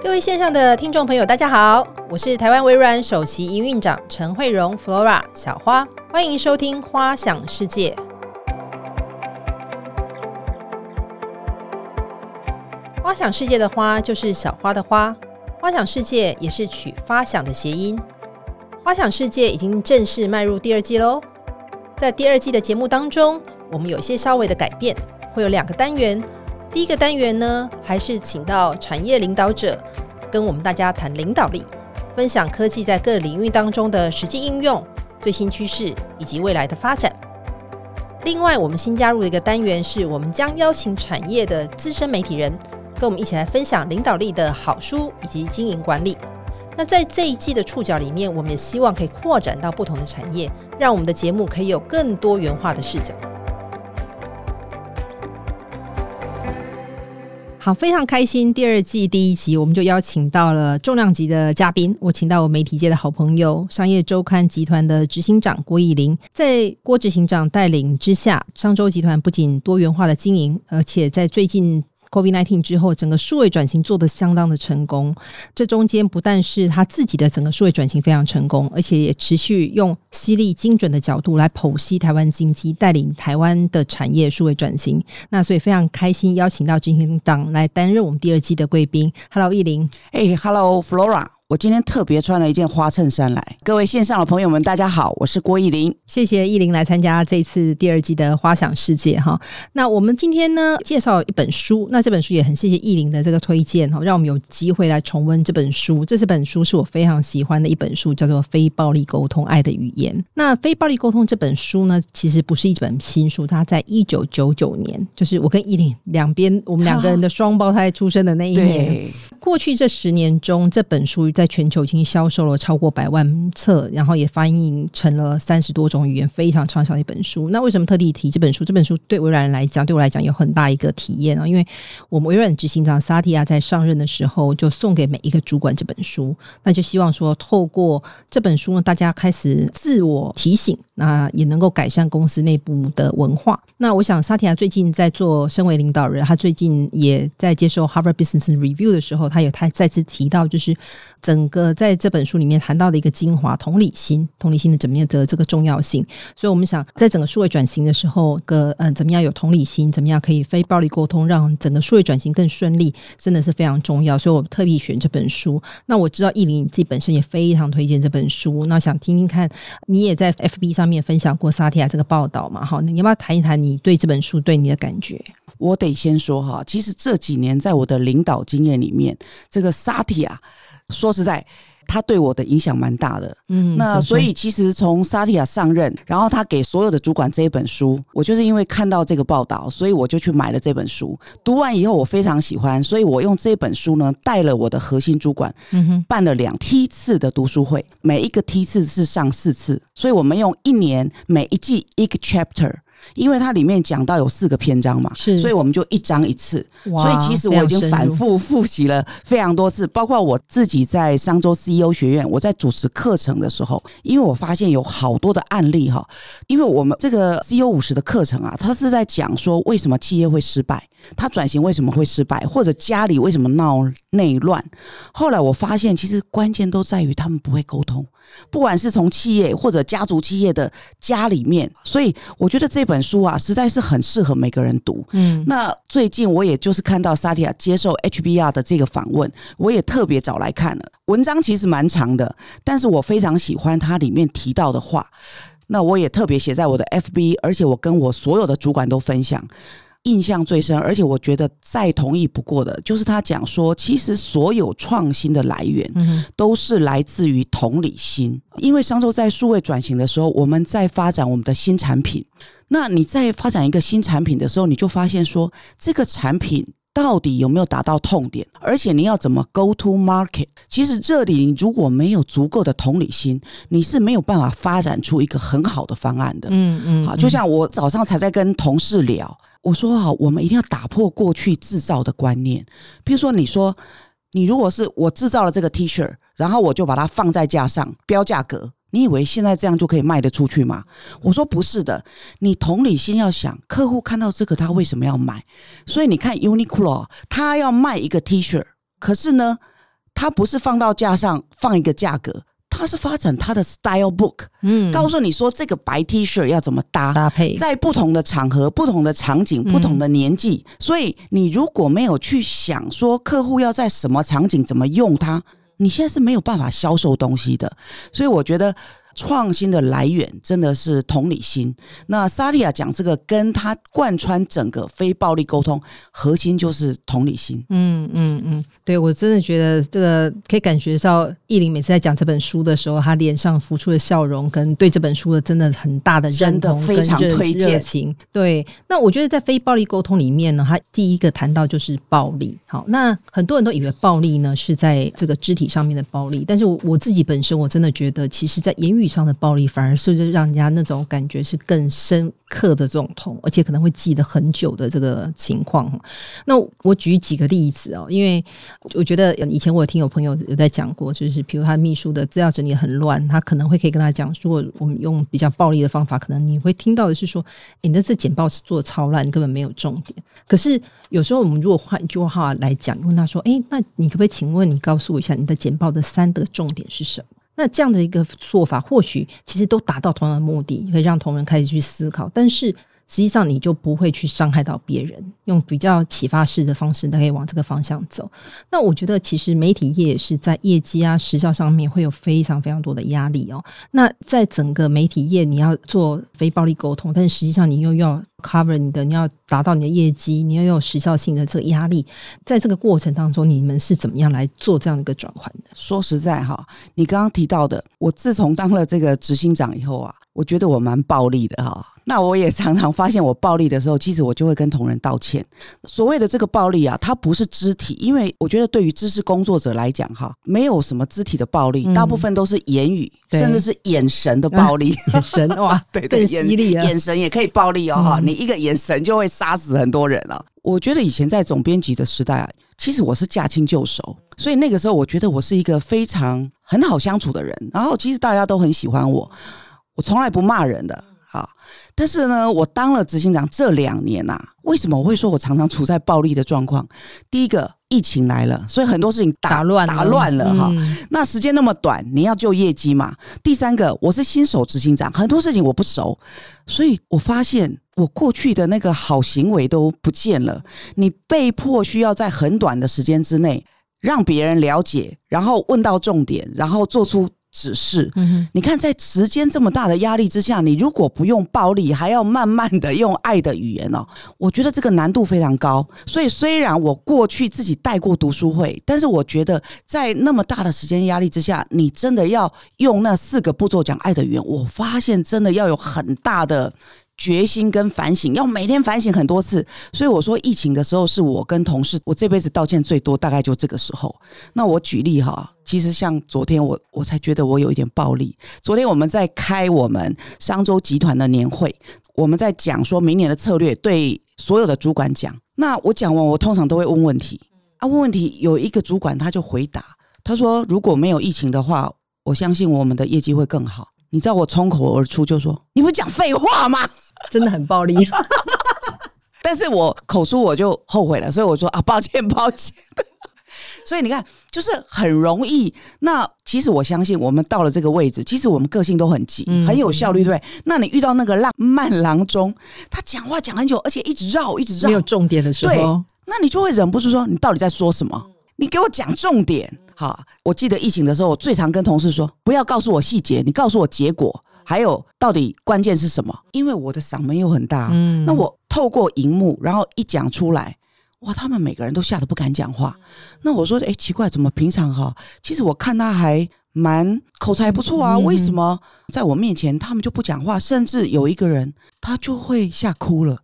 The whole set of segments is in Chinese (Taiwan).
各位線上的聽眾朋友，大家好，我是台灣微軟首席營運長陳慧蓉 Flora 小花，歡迎收聽《花想世界》。花想世界的花就是小花的花，花想世界也是取發想的諧音。花想世界已經正式邁入第二季嘍，在第二季的節目當中，我們有些稍微的改變，會有兩個單元。第一個單元呢，還是請到產業領導者跟我們大家談領導力，分享科技在各領域當中的實際應用、最新趨勢以及未來的發展。另外，我們新加入的一個單元是，我們將邀請產業的資深媒體人跟我們一起來分享領導力的好書以及經營管理。那在這一季的觸角裡面，我們也希望可以擴展到不同的產業，讓我們的節目可以有更多元化的視角。好，非常開心，第二季第一集我們就邀請到了重量級的嘉賓，我請到我媒體界的好朋友，商業周刊集團的執行長郭奕伶。在郭執行長帶領之下，商周集團不僅多元化的經營，而且在最近。COVID-19 之後，整個數位轉型做得相當的成功。這中間不但是他自己的整個數位轉型非常成功，而且也持續用犀利精準的角度來剖析台灣經濟，帶領台灣的產業數位轉型。那所以非常開心邀請到執行長來擔任我們第二季的貴賓。Hello，奕伶。Hey，Hello，Flora。我今天特別穿了一件花襯衫來，各位線上的朋友們，大家好，我是郭奕伶。謝謝奕伶來參加這次第二季的花想世界哈。那我們今天呢，介紹一本書。那這本書也很謝謝奕伶的這個推薦哈，讓我們有機會來重溫這本書。這是本書是我非常喜歡的一本書，叫做《非暴力溝通：愛的語言》。那《非暴力溝通》這本書呢，其實不是一本新書，它在一九九九年，就是我跟奕伶兩邊我們兩個人的雙胞胎出生的那一年。啊、過去這十年中，這本書。在全球已經銷售了超過百萬冊，然後也翻譯成了三十多種語言，非常暢銷的一本書。那為什麼特地提這本書？這本書對微軟來講，對我來講有很大一個體驗啊。因為我們微軟執行長薩提亞在上任的時候，就送給每一個主管這本書，那就希望說透過這本書呢，大家開始自我提醒。那也能夠改善公司內部的文化。那我想，薩提亞最近在做，身為領導人，他最近也在接受《Harvard Business Review》的時候，他有他再次提到，就是整個在這本書裡面談到的一個精華——同理心。同理心的怎麼樣的這個重要性？所以我們想，在整個數位轉型的時候，個嗯，怎麼樣有同理心？怎麼樣可以非暴力溝通，讓整個數位轉型更順利，真的是非常重要。所以我特意選這本書。那我知道，奕伶你自己本身也非常推薦這本書。那想聽聽看，你也在 FB 上。你也分享過薩提亞這個報道嘛？哈，你要不要談一談你對這本書對你的感覺？我得先說哈，其實這幾年在我的領導經驗裡面，這個薩提亞說實在。他對我的影響蠻大的，嗯，那所以其實從 Satya 上任，然後他給所有的主管這一本書，我就是因為看到這個報道，所以我就去買了這本書。讀完以後我非常喜歡，所以我用這本書呢帶了我的核心主管，嗯哼辦了兩梯次的讀書會，每一個梯次是上四次，所以我們用一年每一季一個 chapter。因為它裡面講到有四個篇章嘛，是所以我們就一章一次，哇所以其實我已經反覆複習了非常多次，包括我自己在商周 CEO 學院，我在主持課程的時候，因為我發現有好多的案例哈、哦，因為我們這個 CEO 五十的課程啊，它是在講說為什麼企業會失敗。他轉型為什麼會失敗，或者家裡為什麼鬧內亂？後來我發現，其實關鍵都在於他們不會溝通，不管是從企業或者家族企業的家裡面。所以，我覺得這本書啊，實在是很適合每個人讀。嗯，那最近我也就是看到薩提亞接受 HBR 的這個訪問，我也特別找來看了文章，其實蠻長的，但是我非常喜歡它裡面提到的話。那我也特別寫在我的 FB，而且我跟我所有的主管都分享。印象最深，而且我覺得再同意不過的，就是他講說，其實所有創新的來源都是來自於同理心。嗯、哼因為商周在數位轉型的時候，我們在發展我們的新產品。那你在發展一個新產品的時候，你就發現說，這個產品到底有沒有達到痛點？而且你要怎麼 go to market？其實這裡如果沒有足夠的同理心，你是沒有辦法發展出一個很好的方案的。嗯，嗯嗯，好，就像我早上才在跟同事聊。我說啊，我們一定要打破過去制造的觀念。比如說，你說你如果是我制造了這個 T 恤，shirt, 然後我就把它放在架上標價格，你以為現在這樣就可以賣得出去嗎？我說不是的，你同理心要想客戶看到這個他為什麼要買？所以你看 Uniqlo，他要賣一個 T 恤，shirt, 可是呢，他不是放到架上放一個價格。他是發展他的 style book，、嗯、告訴你說這個白 T shirt 要怎麼搭搭配，在不同的場合、不同的場景、不同的年紀，嗯、所以你如果沒有去想說客戶要在什麼場景怎麼用它，你現在是沒有辦法銷售東西的。所以我覺得。創新的來源真的是同理心。那 Satya 講這個，跟她貫穿整個非暴力溝通核心就是同理心。嗯嗯嗯，對我真的覺得這個可以感覺到，奕伶每次在講這本書的時候，她臉上浮出的笑容，跟對這本書的真的很大的認同真的非常熱熱情。對，那我覺得在非暴力溝通裡面呢，她第一個談到就是暴力。好，那很多人都以為暴力呢是在這個肢體上面的暴力，但是我我自己本身我真的覺得，其實，在言語。上的暴力，反而是就讓人家那種感覺是更深刻的這種痛，而且可能會記得很久的這個情況。那我舉幾個例子哦，因為我覺得以前我有聽有朋友有在講過，就是比如他秘書的資料整理很亂，他可能會可以跟他講，如果我們用比較暴力的方法，可能你會聽到的是說：“欸，你那這簡報是做超爛，根本沒有重點。”可是有時候我們如果換一句話來講，問他說：“誒，欸，那你可不可以請問你告訴我一下，你的簡報的三個重點是什麼？”那這樣的一個做法，或許其實都達到同樣的目的，可以讓同仁開始去思考，但是。實際上，你就不會去傷害到別人，用比較啟發式的方式，都可以往這個方向走。那我覺得，其實媒體業也是在業績啊、時效上面會有非常非常多的壓力哦。那在整個媒體業，你要做非暴力溝通，但是實際上你又要 cover 你的，你要達到你的業績，你又有時效性的這個壓力，在這個過程當中，你們是怎麼樣來做這樣一個轉換的？說實在哈，你剛剛提到的，我自從當了這個執行長以後啊，我覺得我蠻暴力的哈。那我也常常發現，我暴力的時候，其實我就會跟同仁道歉。所謂的這個暴力啊，它不是肢體，因為我覺得對於知識工作者來講，哈，沒有什麼肢體的暴力，嗯、大部分都是言語，對甚至是眼神的暴力。嗯、眼神哇， 對，對對，更犀利，眼，眼神也可以暴力哦。哈、嗯，你一個眼神就會殺死很多人了，哦。嗯、我覺得以前在總編輯的時代啊，其實我是駕輕就熟，所以那個時候我覺得我是一個非常很好相處的人，然後其實大家都很喜歡我，我從來不罵人的。好，但是呢，我當了執行長這兩年吶、啊，為什麼我會說我常常處在暴力的狀況？第一個，疫情來了，所以很多事情打亂，打亂了哈、嗯。那時間那麼短，你要救業績嘛？第三個，我是新手執行長，很多事情我不熟，所以我發現我過去的那個好行為都不見了。你被迫需要在很短的時間之內讓別人了解，然後問到重點，然後做出。只是，你看，在時間這麼大的壓力之下，你如果不用暴力，還要慢慢的用愛的語言哦，我覺得這個難度非常高。所以，雖然我過去自己帶過讀書會，但是我覺得在那麼大的時間壓力之下，你真的要用那四個步驟講愛的語言，我發現真的要有很大的。決心跟反省，要每天反省很多次。所以我說，疫情的時候是我跟同事，我這輩子道歉最多，大概就這個時候。那我舉例哈、啊，其實像昨天我，我我才覺得我有一點暴力。昨天我們在開我們商周集團的年會，我們在講說明年的策略，對所有的主管講。那我講完，我通常都會問問題啊。問問題，有一個主管他就回答，他說：“如果沒有疫情的話，我相信我們的業績會更好。”你知道我衝口而出就說：“你不講廢話嗎？”真的很暴力， 但是我口出我就後悔了，所以我說啊，抱歉，抱歉。 所以你看，就是很容易。那其實我相信，我們到了這個位置，其實我們個性都很急，嗯嗯嗯很有效率，對不對？那你遇到那個浪漫郎中，他講話講很久，而且一直繞，一直繞，沒有重點的時候，對，那你就會忍不住說，你到底在說什麼？你給我講重點。好，我記得疫情的時候，我最常跟同事說，不要告訴我細節，你告訴我結果。還有，到底關鍵是什麼？因為我的嗓門又很大、啊，嗯、那我透過熒幕，然後一講出來，哇，他們每個人都嚇得不敢講話。那我說，哎、欸，奇怪，怎麼平常哈，其實我看他還蠻口才不錯啊，嗯、為什麼在我面前他們就不講話？甚至有一個人，他就會嚇哭了，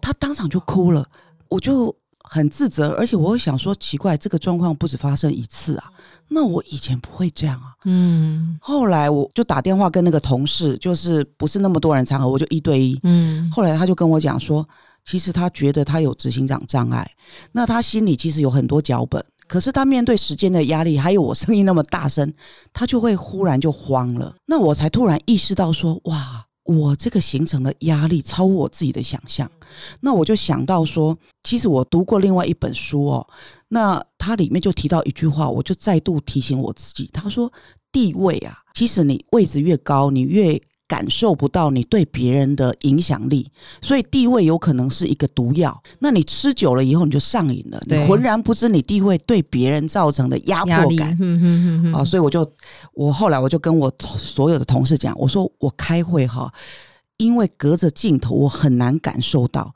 他當場就哭了，我就很自責，而且我想說，奇怪，這個狀況不止發生一次啊。那我以前不會這樣啊，嗯，後來我就打電話跟那個同事，就是不是那麼多人摻和，我就一對一，嗯，後來他就跟我講說，其實他覺得他有執行長障礙，那他心裡其實有很多腳本，可是他面對時間的壓力，還有我聲音那麼大聲，他就會忽然就慌了，那我才突然意識到說，哇，我這個形成的壓力超過我自己的想象，那我就想到說，其實我讀過另外一本書哦。那它裡面就提到一句話，我就再度提醒我自己。他說：“地位啊，其實你位置越高，你越感受不到你對別人的影響力。所以地位有可能是一個毒藥。那你吃久了以後，你就上癮了，對你渾然不知你地位對別人造成的壓迫感。壓力 啊，所以我就我後來我就跟我所有的同事講，我說我開會哈，因為隔着鏡頭，我很難感受到。”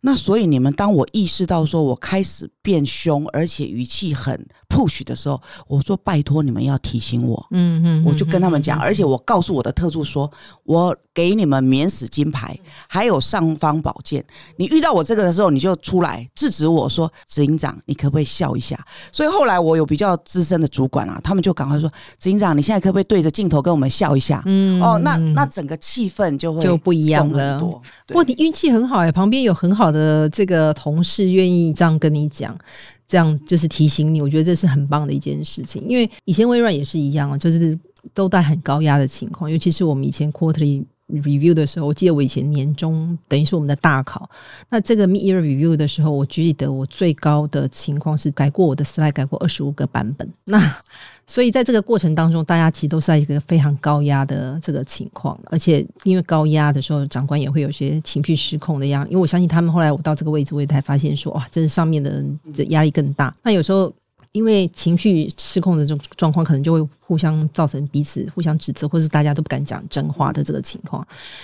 那所以你們，當我意識到說我開始變兇，而且語氣很 push 的時候，我說拜託你們要提醒我，嗯嗯，我就跟他們講，而且我告訴我的特助說，我，給你們免死金牌，還有尚方寶劍。你遇到我這個的時候，你就出來制止我說：“執行長，你可不可以笑一下？”所以後來我有比較資深的主管啊，他們就趕快說：“執行長，你現在可不可以對着鏡頭跟我們笑一下？”嗯，哦，那那整個氣氛就會就不一樣了。不過對你運氣很好哎、欸，旁邊有很好的這個同事願意這樣跟你講，這樣就是提醒你。我覺得這是很棒的一件事情，因為以前微軟也是一樣啊，就是都帶很高壓的情況，尤其是我們以前 Quarterly。review 的時候，我記得我以前年終等於是我們的大考。那這個 mid year review 的時候，我記得我最高的情況是改過我的 slide，改過二十五個版本。那所以在這個過程當中，大家其實都是在一個非常高壓的這個情況，而且因為高壓的時候，長官也會有些情緒失控的樣。因為我相信他們後來我到這個位置，我也才發現說，哇，這是上面的人的壓力更大。那有時候。因為情緒失控的這種狀況，可能就會互相造成彼此互相指責，或是大家都不敢講真話的這個情況。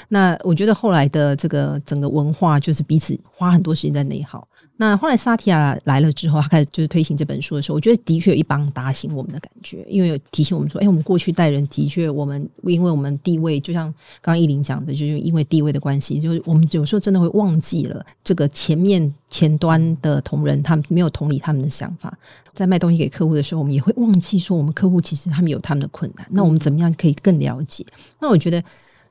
那我覺得後來的這個整個文化，就是彼此花很多時間在內耗。那後來薩提亞來了之後，他開始就是推行這本書的時候，我覺得的確有一棒打醒我們的感覺，因為有提醒我們說，哎、欸，我們過去帶人的確，我們因為我們地位，就像剛剛奕伶講的，就是因為地位的關係，就是我們有時候真的會忘記了這個前面前端的同仁，他們沒有同理他們的想法，在賣東西給客戶的時候，我們也會忘記說，我們客戶其實他們有他們的困難，那我們怎麼樣可以更了解？那我覺得。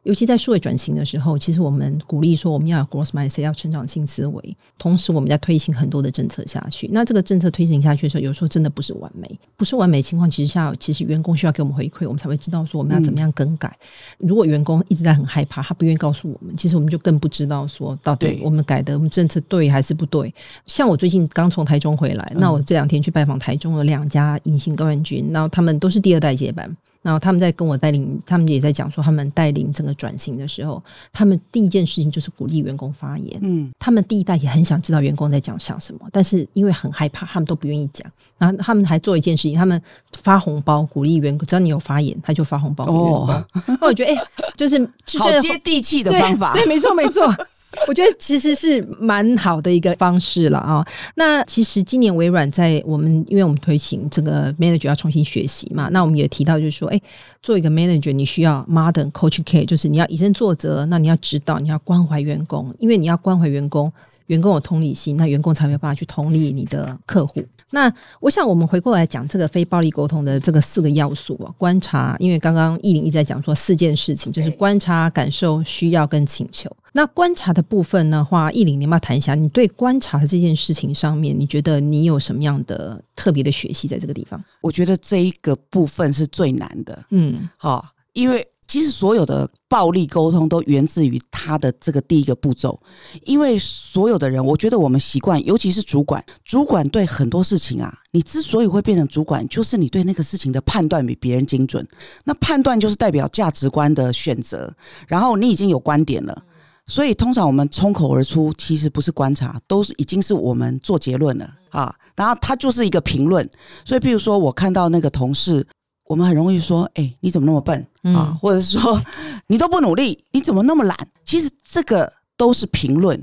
尤其在數位轉型的時候，其實我們鼓勵說我們要有 growth mindset，要成長性思維。同時，我們在推行很多的政策下去。那這個政策推行下去的時候，有時候真的不是完美，不是完美的情況。其實下，其實員工需要給我們回饋，我們才會知道說我們要怎麼樣更改。嗯、如果員工一直在很害怕，他不願意告訴我們，其實我們就更不知道說到底我們改的我們政策對還是不對。對，像我最近剛從台中回來，嗯、那我這兩天去拜訪台中的兩家隱形冠軍，然後他們都是第二代接班。然後他們在跟我帶領，他們也在講說，他們帶領整個轉型的時候，他們第一件事情就是鼓勵員工發言。嗯，他們第一代也很想知道員工在講什麼，但是因為很害怕，他們都不願意講。然後他們還做一件事情，他們發紅包鼓勵員工，只要你有發言，他就發紅包給我。哦，然後我覺得誒、欸、就是、就是、好接地氣的方法，對，對，沒錯，沒錯。 我覺得其實是蠻好的一個方式了啊、喔。那其實今年微軟在我們，因為我們推行這個 manager 要重新學習嘛。那我們也提到就是說，誒、欸、做一個 manager，你需要 modern coach k 就是你要以身作則，那你要指導，你要關懷員工，因為你要關懷員工，員工有同理心，那員工才有辦法去同理你的客戶。那我想，我們回過來講這個非暴力溝通的這個四個要素啊，觀察。因為剛剛奕伶一直在講說四件事情，就是觀察、感受、需要跟請求。Okay. 那觀察的部分的話，奕伶，你有沒有談一下？你對觀察的這件事情上面，你覺得你有什麼樣的特別的學習在這個地方？我覺得這一個部分是最難的。嗯，好，因為。其實所有的暴力溝通都源自於他的這個第一個步驟，因為所有的人，我覺得我們習慣，尤其是主管，主管對很多事情啊，你之所以會變成主管，就是你對那個事情的判斷比別人精準。那判斷就是代表價值觀的選擇，然後你已經有觀點了，所以通常我們衝口而出，其實不是觀察，都是已經是我們做結論了啊。然後他就是一個評論，所以比如說我看到那個同事。我們很容易說，哎、欸，你怎麼那麼笨？嗯、啊？或者說，你都不努力，你怎麼那麼懶？其實這個都是評論。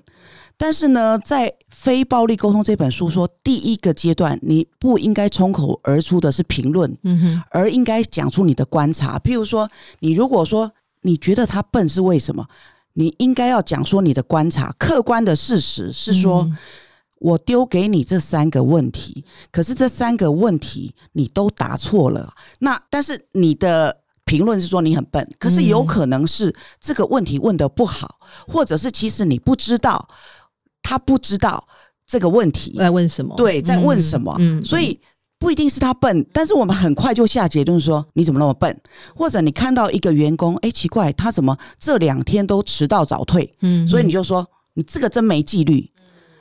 但是呢，在《非暴力溝通》這本書說，嗯、第一個階段，你不應該衝口而出的是評論，嗯、哼而應該講出你的觀察。比如說，你如果說你覺得他笨是為什麼，你應該要講說你的觀察，客觀的事實是說。嗯我丟給你這三個問題，可是這三個問題你都答錯了。那但是你的評論是說你很笨，可是有可能是這個問題問得不好，或者是其實你不知道，他不知道這個問題在問什麼？對，在問什麼？嗯，所以不一定是他笨，但是我們很快就下結論說你怎麼那麼笨？或者你看到一個員工，哎，奇怪，他怎麼這兩天都遲到早退？嗯，所以你就說你這個真沒紀律。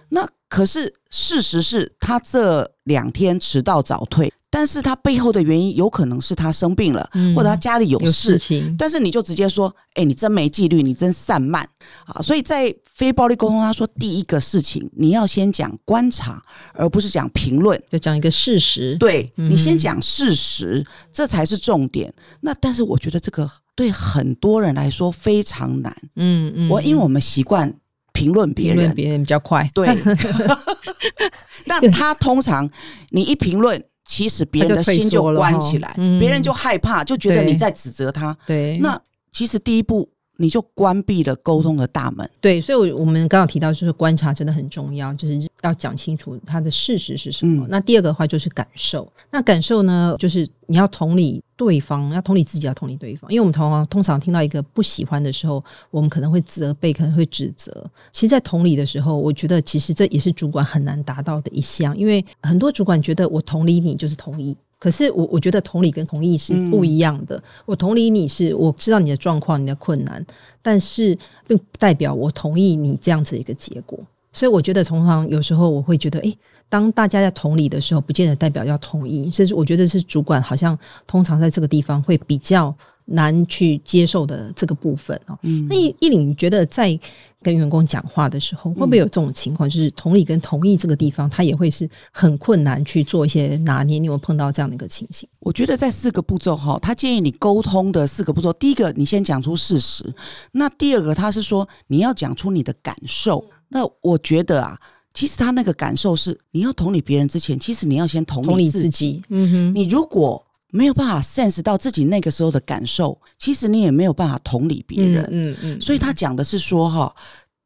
那可是事實是他這兩天遲到早退，但是他背後的原因有可能是他生病了，嗯、或者他家裡有事，有事情。但是你就直接說，欸、你真沒紀律，你真散漫啊！所以在非暴力溝通，他說、嗯、第一個事情，你要先講觀察，而不是講評論，就講一個事實。對、嗯、你先講事實，這才是重點。那但是我覺得這個對很多人來說非常難。嗯嗯，嗯我因為我們習慣。評論別人，別人比較快。對， 但他通常你一評論，其實別人的心就關起來，哦嗯、別人就害怕，就覺得你在指責他。對，那其實第一步。你就關閉了溝通的大門。對，所以我們剛剛提到，就是觀察真的很重要，就是要講清楚他的事實是什麼。嗯、那第二個的話就是感受。那感受呢，就是你要同理對方，要同理自己，要同理對方。因為我們通常通常聽到一個不喜歡的時候，我們可能會責備，可能會指責。其實，在同理的時候，我覺得其實這也是主管很難達到的一項，因為很多主管覺得我同理你就是同意。可是我我覺得同理跟同意是不一樣的。嗯、我同理你是我知道你的狀況、你的困難，但是並不代表我同意你這樣子一個結果。所以我覺得通常有時候我會覺得，誒、欸、當大家在同理的時候，不見得代表要同意。所以我覺得是主管好像通常在這個地方會比較難去接受的這個部分嗯，那奕伶覺得在。跟員工講話的時候，會不會有這種情況？就是同理跟同意這個地方，他也會是很困難去做一些拿捏。你有沒有碰到這樣的一個情形？我覺得在四個步驟哈，他建議你溝通的四個步驟，第一個你先講出事實，那第二個他是說你要講出你的感受。那我覺得啊，其實他那個感受是你要同理別人之前，其實你要先同理自己。同理自己。嗯哼，你如果，沒有辦法 sense 到自己那個時候的感受，其實你也沒有辦法同理別人。嗯嗯。嗯嗯，所以他講的是說哈，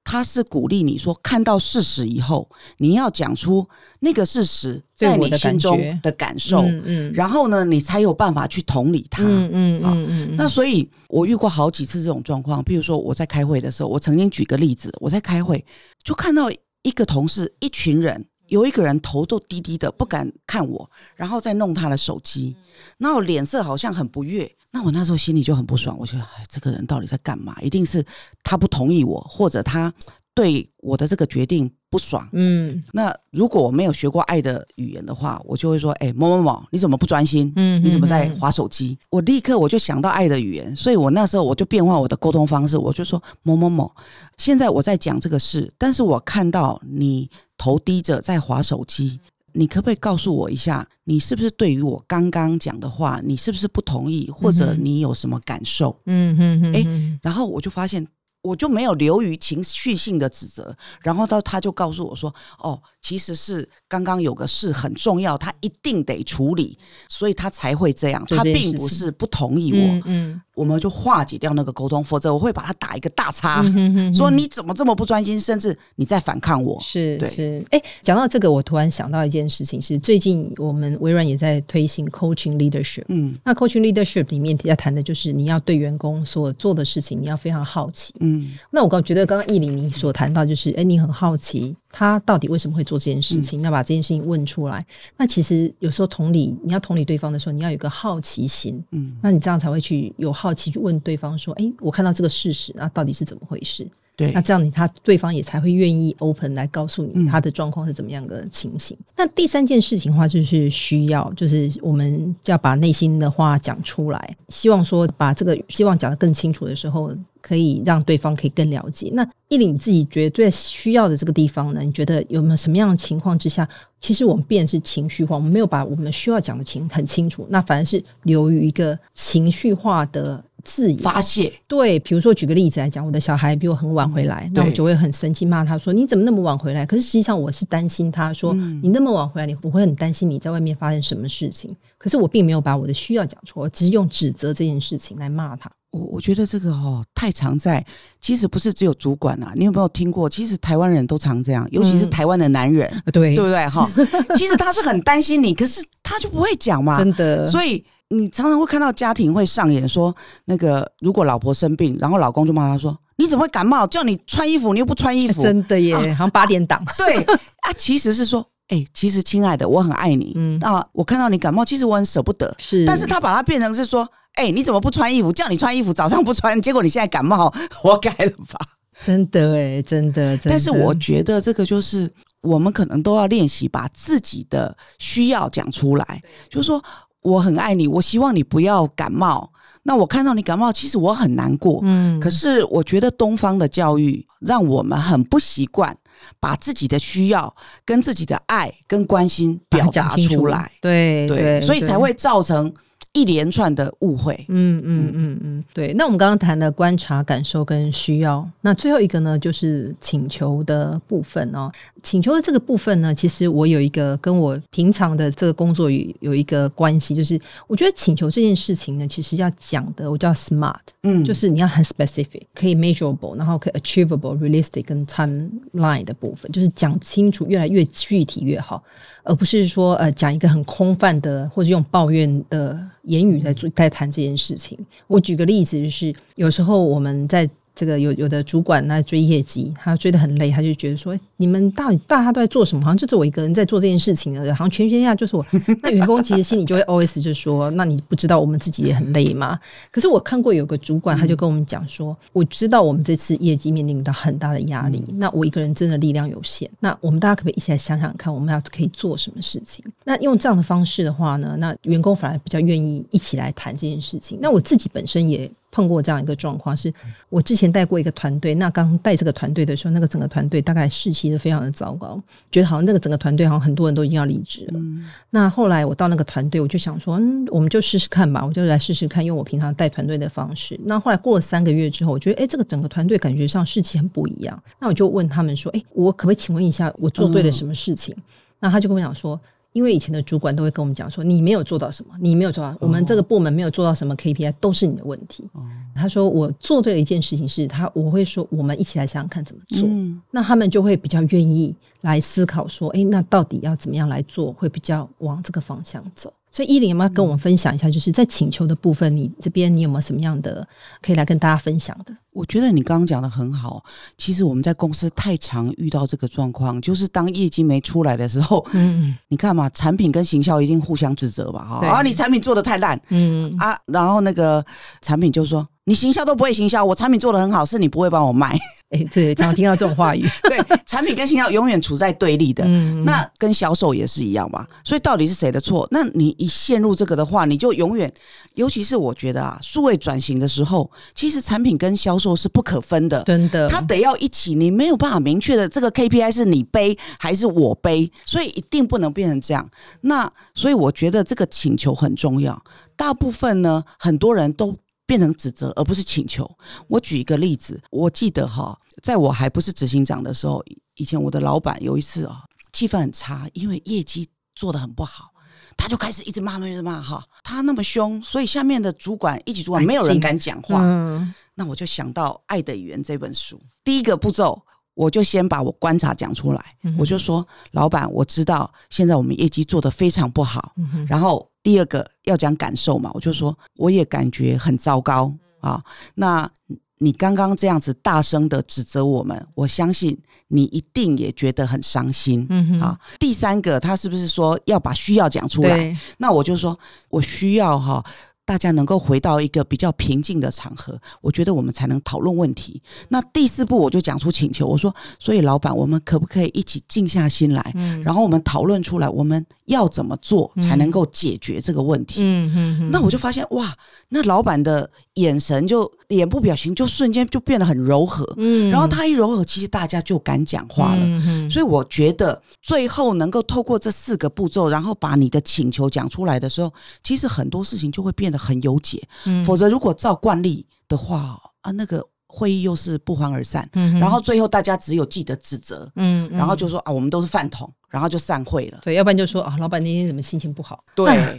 他是鼓勵你說，看到事實以後，你要講出那個事實在你心中的感受，嗯嗯。嗯然後呢，你才有辦法去同理他，嗯嗯嗯嗯，那所以我遇過好幾次這種狀況，比如說我在開會的時候，我曾經舉個例子，我在開會就看到一個同事，一群人。有一個人頭都低低的，不敢看我，然後再弄他的手機，然後臉色好像很不悅。那我那時候心裡就很不爽，我覺得哎，這個人到底在幹嘛？一定是他不同意我，或者他對我的這個決定不爽。嗯，那如果我沒有學過愛的語言的話，我就會說哎，欸，某某某，你怎麼不專心？嗯，你怎麼在滑手機？嗯嗯嗯，我立刻我就想到愛的語言，所以我那時候我就變化我的溝通方式，我就說某某某，現在我在講這個事，但是我看到你。頭低着在滑手機，你可不可以告訴我一下，你是不是對於我剛剛講的話，你是不是不同意，或者你有什麼感受？嗯嗯哼嗯、欸，然後我就發現，我就沒有流於情緒性的指責，然後到他就告訴我說，哦，其實是剛剛有個事很重要，他一定得處理，所以他才會這樣，他並不是不同意我，嗯，嗯。我們就化解掉那個溝通，否則我會把它打一個大叉。嗯、哼哼哼說你怎麼這麼不專心，甚至你在反抗我。是，對是，哎、欸，講到這個，我突然想到一件事情是，是最近我們微軟也在推行 coaching leadership。嗯，那 coaching leadership 裡面要談的就是你要對員工所做的事情，你要非常好奇。嗯，那我剛覺得剛剛奕伶你所談到就是，哎、欸，你很好奇。他到底為什麼會做這件事情？那把這件事情問出來。嗯、那其實有時候同理，你要同理對方的時候，你要有一個好奇心。嗯，那你這樣才會去有好奇去問對方說：“誒、欸，我看到這個事實，那到底是怎麼回事？”對，那這樣你他對方也才會願意 open 來告訴你他的狀況是怎麼樣的情形。嗯、那第三件事情的話，就是需要就是我們就要把內心的話講出來，希望說把這個希望講得更清楚的時候，可以讓對方可以更了解。那奕伶你自己覺得最需要的這個地方呢，你覺得有沒有什麼樣的情況之下，其實我們變是情緒化，我們沒有把我們需要講的情很清楚，那反而是流於一個情緒化的。自發洩洩對，比如說，舉個例子來講，我的小孩比我很晚回來，那、嗯、我就會很生氣罵他說：“你怎麼那麼晚回來？”可是實際上我是擔心他說：“嗯、你那麼晚回來，你不會很擔心你在外面發生什麼事情？”可是我並沒有把我的需要講錯，只是用指責這件事情來罵他。我我覺得這個哦，太常在，其實不是只有主管啊，你有沒有聽過？其實台灣人都常這樣，尤其是台灣的男人，嗯、對對不對？哈， 其實他是很擔心你，可是他就不會講嘛，真的，所以。你常常會看到家庭會上演說，那個如果老婆生病，然後老公就罵她說：“你怎麼會感冒？叫你穿衣服，你又不穿衣服。”真的耶，啊、好像八點檔。啊對啊，其實是說，哎、欸，其實親愛的，我很愛你。嗯啊，我看到你感冒，其實我很捨不得。是，但是他把它變成是說，哎、欸，你怎麼不穿衣服？叫你穿衣服，早上不穿，結果你現在感冒，活該了吧？真的耶，真的。真的，但是我覺得這個就是、嗯、我們可能都要練習把自己的需要講出來，就是說。我很愛你，我希望你不要感冒。那我看到你感冒，其實我很難過。嗯，可是我覺得東方的教育讓我們很不習慣把自己的需要、跟自己的愛、跟關心表達出來。對對，對對對，所以才會造成一連串的誤會，嗯嗯嗯嗯，對。那我們剛剛談的觀察、感受跟需要，那最後一個呢，就是請求的部分哦。請求的這個部分呢，其實我有一個跟我平常的這個工作有有一個關係，就是我覺得請求這件事情呢，其實要講的，我叫 SMART，嗯，就是你要很 specific，可以 measurable，然後可以 achievable，realistic 跟 timeline 的部分，就是講清楚，越來越具體越好。而不是說，呃，講一個很空泛的，或者用抱怨的言語來做在談這件事情。我舉個例子，就是有時候我們在。這個有有的主管那追業績，他追得很累，他就覺得說、欸：你們到底大家都在做什麼？好像就只我一個人在做這件事情，好像全天下就是我。那員工其實心裡就會 OS 就說： 那你不知道我們自己也很累嗎？可是我看過有個主管，他就跟我們講說：嗯、我知道我們這次業績面臨到很大的壓力，嗯、那我一個人真的力量有限，那我們大家可不可以一起來想想看，我們要可以做什麼事情？那用這樣的方式的話呢，那員工反而比較願意一起來談這件事情。那我自己本身也。碰過這樣一個狀況，是我之前帶過一個團隊，那剛帶這個團隊的時候，那個整個團隊大概士氣是非常的糟糕，覺得好像那個整個團隊好像很多人都已經要離職了。嗯、那後來我到那個團隊，我就想說，嗯，我們就試試看吧，我就來試試看，用我平常帶團隊的方式。那後來過了三個月之後，我覺得，誒，這個整個團隊感覺上士氣很不一樣。那我就問他們說，誒，我可不可以請問一下，我做對了什麼事情？嗯、那他就跟我講說。因為以前的主管都會跟我們講說，你沒有做到什麼，你沒有做到，哦、我們這個部門沒有做到什麼 KPI，都是你的問題。哦、他說我做對了一件事情是，是他我會說，我們一起來想想看怎麼做，嗯、那他們就會比較願意來思考說，哎，那到底要怎麼樣來做，會比較往這個方向走。所以奕伶，有沒有跟我們分享一下？就是在請求的部分，你這邊，你有沒有什麼樣的可以來跟大家分享的？我覺得你剛剛講得很好。其實我們在公司太常遇到這個狀況，就是當業績沒出來的時候，嗯、嗯，你看嘛，產品跟行銷一定互相指責吧？對啊，你產品做得太爛，嗯、嗯啊，然後那個產品就說，你行銷都不會行銷，我產品做得很好，是你不會幫我賣。哎，經常聽到這種話語。 對，產品跟營銷永遠處在對立的， 那跟銷售也是一樣嘛。所以到底是誰的錯？那你一陷入這個的話，你就永遠，尤其是我覺得啊，數位轉型的時候，其實產品跟銷售是不可分的。真的，他得要一起，你沒有辦法明確的這個 KPI 是你背還是我背，所以一定不能變成這樣。那所以我覺得這個請求很重要。大部分呢，很多人都。變成指責而不是請求。我舉一個例子，我記得哈，在我還不是執行長的時候，以前我的老闆有一次哦，氣氛很差，因為業績做得很不好，他就開始一直罵罵又罵哈，他那麼兇，所以下面的主管一級主管沒有人敢講話。嗯，那我就想到《愛的語言》這本書，第一個步驟，我就先把我觀察講出來，嗯哼。我就說，老闆，我知道現在我們業績做得非常不好，嗯哼。然後。第二個要講感受嘛，我就說我也感覺很糟糕啊、哦。那你剛剛這樣子大聲地指責我們，我相信你一定也覺得很傷心。哦、嗯哼。啊，第三個他是不是說要把需要講出來？對那我就說我需要哈。哦大家能夠回到一個比較平靜的場合，我覺得我們才能討論問題。那第四步我就講出請求，我說：所以老闆，我們可不可以一起靜下心來？嗯、然後我們討論出來，我們要怎麼做、嗯、才能夠解決這個問題？嗯、哼哼，那我就發現，哇，那老闆的眼神就、臉部表情就瞬間就變得很柔和。嗯、然後他一柔和，其實大家就敢講話了。嗯、哼所以我覺得，最後能夠透過這四個步驟，然後把你的請求講出來的時候，其實很多事情就會變。很有解，否則如果照慣例的話、嗯、啊，那個會議又是不歡而散，嗯、哼然後最後大家只有記得指責，嗯嗯然後就說啊，我們都是飯桶。然後就散會了。對，要不然就說啊，老闆那天怎麼心情不好？對了，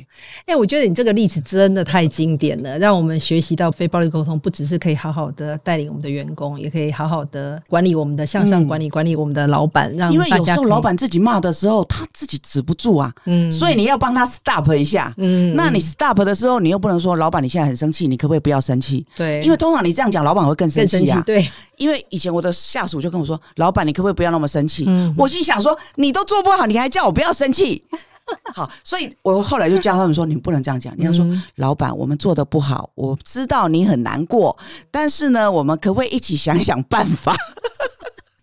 哎，我覺得你這個例子真的太經典了，讓我們學習到非暴力溝通，不只是可以好好的帶領我們的員工，也可以好好的管理我們的向上、嗯、管理，管理我們的老闆，讓因為有時候老闆自己罵的時候，他自己止不住啊，嗯，所以你要幫他 stop 一下，嗯，那你 stop 的時候，你又不能說老闆你現在很生氣，你可不可以不要生氣？對，因為通常你這樣講，老闆會更生氣啊，更生氣，對。因為以前我的下屬就跟我說：“老闆，你可不可以不要那麼生氣？”嗯嗯，我心想說：“你都做不好，你還叫我不要生氣？”好，所以我後來就教他們說：“你不能這樣講，你要說、嗯、老闆，我們做得不好，我知道你很難過，但是呢，我們可不可以一起想一想辦法？”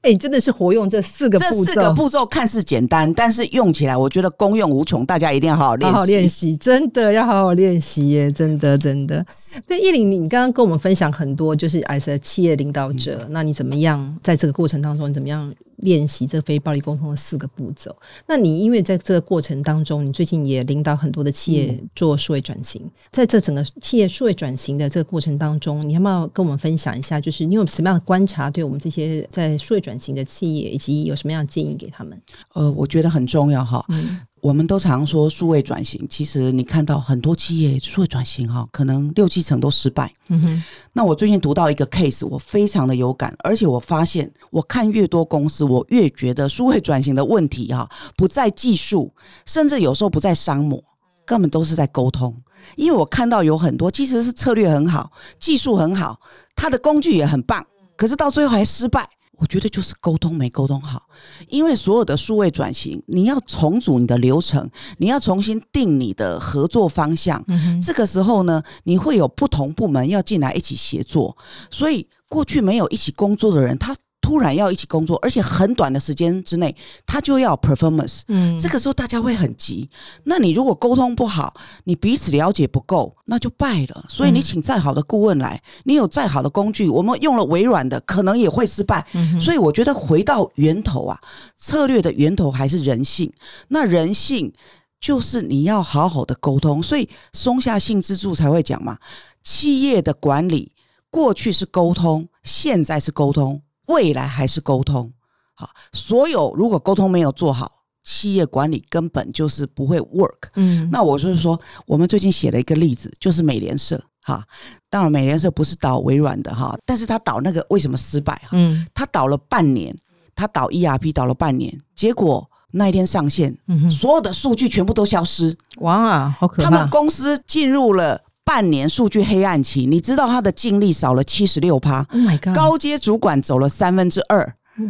哎、嗯 欸，真的是活用這四個步驟，這四個步驟，看似簡單，但是用起來我覺得功用無窮。大家一定要好好練習，好好練習，真的要好好練習耶！真的，真的。對奕伶，你剛剛跟我們分享很多，就是 as 企業領導者，嗯、那你怎麼樣在這個過程當中，你怎麼樣練習這個非暴力溝通的四個步驟？那你因為在這個過程當中，你最近也領導很多的企業做數位轉型，嗯、在這整個企業數位轉型的這個過程當中，你要不要跟我們分享一下，就是你有什麼樣的觀察，對我們這些在數位轉型的企業，以及有什麼樣的建議給他們？呃，我覺得很重要哈。嗯我們都常說數位轉型，其實你看到很多企業數位轉型哈，可能六七成都失敗。嗯哼。那我最近讀到一個 case，我非常的有感，而且我發現，我看越多公司，我越覺得數位轉型的問題哈，不在技術，甚至有時候不在商模，根本都是在溝通。因為我看到有很多其實是策略很好，技術很好，它的工具也很棒，可是到最後還失敗。我覺得就是溝通沒溝通好，因為所有的數位轉型，你要重組你的流程，你要重新定你的合作方向。嗯哼。這個時候呢，你會有不同部門要進來一起協作，所以過去沒有一起工作的人，他。突然要一起工作，而且很短的時間之內，他就要 performance。嗯，這個時候大家會很急。嗯、那你如果溝通不好，你彼此了解不夠，那就敗了。所以你請再好的顧問來，嗯、你有再好的工具，我們用了微軟的，可能也會失敗。嗯、哼所以我覺得回到源頭啊，策略的源頭還是人性。那人性就是你要好好的溝通。所以松下幸之助才會講嘛，企業的管理過去是溝通，現在是溝通。未來還是溝通，好。所有如果溝通沒有做好，企業管理根本就是不會 work。嗯，那我就是說，我們最近寫了一個例子，就是美聯社哈。當然，美聯社不是導微軟的哈，但是他導那個為什麼失敗哈？他導了半年，他導 ERP 導了半年，結果那一天上線，所有的數據全部都消失。哇啊，好可怕！他們公司進入了。半年數據黑暗期，你知道他的淨利少了七十六趴，Oh my God！高階主管走了三分之二，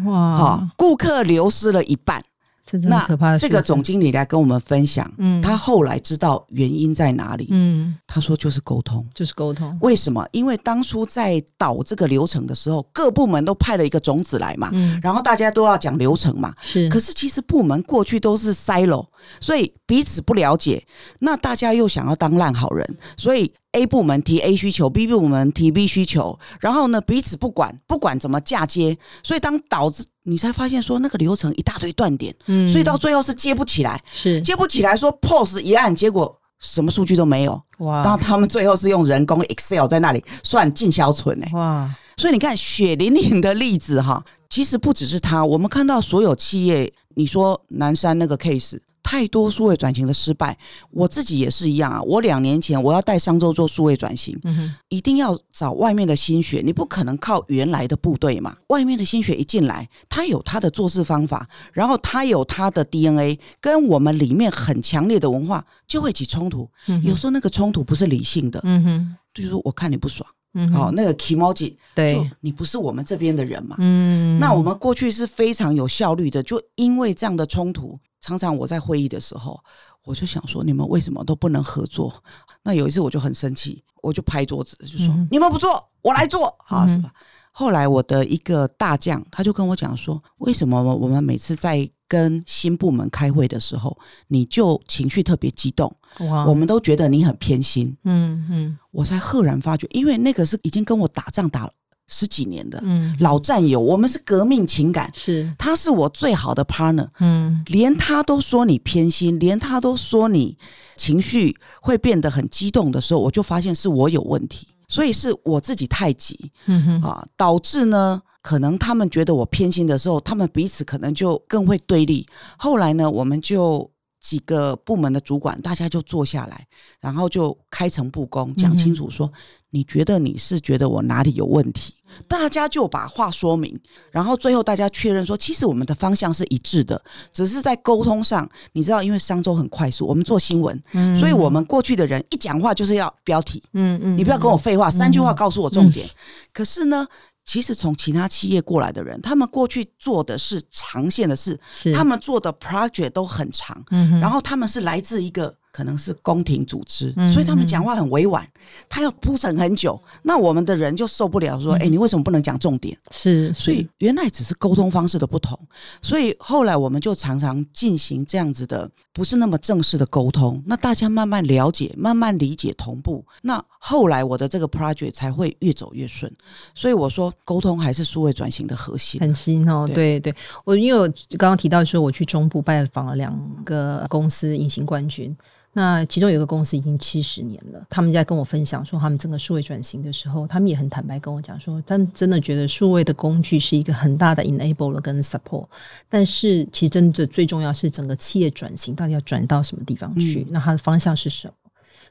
哇哈！顧 Wow 客流失了一半。那這個總經理來跟我們分享，嗯，他後來知道原因在哪裡，嗯，他說就是溝通，就是溝通。為什麼？因為當初在導這個流程的時候，各部門都派了一個種子來嘛，嗯，然後大家都要講流程嘛，是。可是其實部門過去都是 silo，所以彼此不了解，那大家又想要當爛好人，所以。A 部門提 A 需求，B 部門提 B 需求，然後呢彼此不管，不管怎麼嫁接，所以當導致你才發現說那個流程一大堆斷點，嗯，所以到最後是接不起來，是接不起來，說 POS 一按，結果什麼數據都沒有，哇，然後他們最後是用人工 Excel 在那裡算進銷存，欸，哇，所以你看血淋淋的例子哈，其實不只是他，我們看到所有企業，你說南山那個 case。太多數位轉型的失敗，我自己也是一樣啊。我兩年前我要帶商周做數位轉型，嗯、哼一定要找外面的新血，你不可能靠原來的部隊嘛。外面的新血一進來，他有他的做事方法，然後他有他的 DNA，跟我們裡面很強烈的文化就會起衝突。嗯、哼有時候那個衝突不是理性的，嗯哼就是說我看你不爽。哦，那個 kimoji 對，你不是我們這邊的人嘛？嗯，那我們過去是非常有效率的，就因為這樣的衝突，常常我在會議的時候，我就想說，你們為什麼都不能合作？那有一次我就很生氣，我就拍桌子就說：“嗯、你們不做，我來做啊，是吧？”嗯、後來我的一個大將他就跟我講說：“為什麼我們每次在？”跟新部門開會的時候，你就情緒特別激動，Wow 我們都覺得你很偏心。嗯嗯，嗯我才赫然發覺，因為那個是已經跟我打仗打了十幾年的、嗯、老戰友，我們是革命情感，是他是我最好的 partner。嗯，連他都說你偏心，連他都說你情緒會變得很激動的時候，我就發現是我有問題。所以是我自己太急，嗯哼，啊，導致呢，可能他們覺得我偏心的時候，他們彼此可能就更會對立。後來呢，我們就。幾個部門的主管，大家就坐下來，然後就開誠布公講清楚說，說、嗯、哼你覺得你是覺得我哪裡有問題？大家就把話說明，然後最後大家確認說，其實我們的方向是一致的，只是在溝通上，你知道，因為商周很快速，我們做新聞，嗯、哼所以我們過去的人一講話就是要標題，嗯嗯哼，你不要跟我廢話，嗯、哼三句話告訴我重點。嗯、哼可是呢，其實從其他企業過來的人，他們過去做的是長線的事，是他們做的 project 都很長，嗯、哼然後他們是來自一個，可能是宮廷組織，嗯、哼所以他們講話很委婉，他要鋪陳很久，那我們的人就受不了，說，哎、嗯欸，你為什麼不能講重點？是，是所以原來只是溝通方式的不同，所以後來我們就常常進行這樣子的，不是那麼正式的溝通，那大家慢慢了解，慢慢理解，同步，那後來我的這個 project 才會越走越順，所以我說溝通還是數位轉型的核心的。很新哦，對對，對，我因為我剛剛提到說我去中部拜訪了兩個公司，隱形冠軍。那其中有個公司已經七十年了，他們在跟我分享說，他們整個數位轉型的時候，他們也很坦白跟我講說，他們真的覺得數位的工具是一個很大的 enable 了跟 support，但是其實真的最重要是整個企業轉型到底要轉到什麼地方去，嗯、那它的方向是什麼？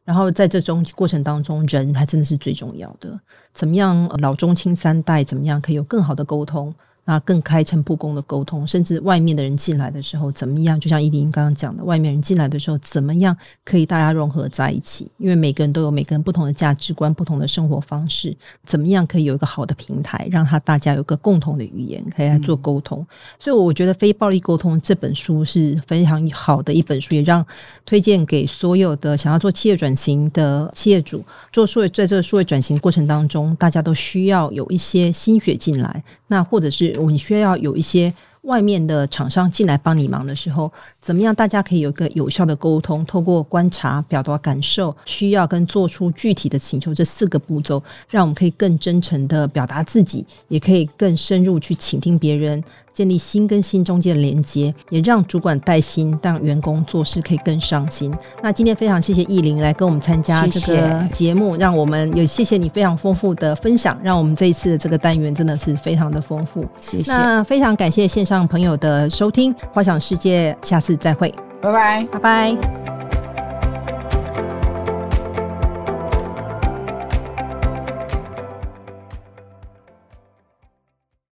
然後在這種過程當中，人還真的是最重要的，怎麼樣老中青三代怎麼樣可以有更好的溝通？那更開誠佈公的溝通，甚至外面的人進來的時候怎麼樣？就像奕伶剛剛講的，外面人進來的時候怎麼樣可以大家融合在一起？因為每個人都有每個人不同的價值觀、不同的生活方式，怎麼樣可以有一個好的平台，讓他大家有個共同的語言，可以來做溝通。嗯、所以我覺得《非暴力溝通》這本書是非常好的一本書，也讓推薦給所有的想要做企業轉型的企業主，做數位，在這個數位轉型過程當中，大家都需要有一些心血進來。那或者是我你需要有一些外面的廠商進來幫你忙的時候。怎麼樣？大家可以有一個有效的溝通，透過觀察、表達感受、需要跟做出具體的請求這四個步驟，讓我們可以更真誠的表達自己，也可以更深入去傾聽別人，建立心跟心中間的連接，也讓主管帶心，讓員工做事可以更上心。那今天非常謝謝奕伶來跟我們參加這個節目，謝謝。讓我們也謝謝你非常豐富的分享，讓我們這一次的這個單元真的是非常的豐富。謝謝。那非常感謝線上朋友的收聽，《花想世界》下次，再會，拜拜，拜拜。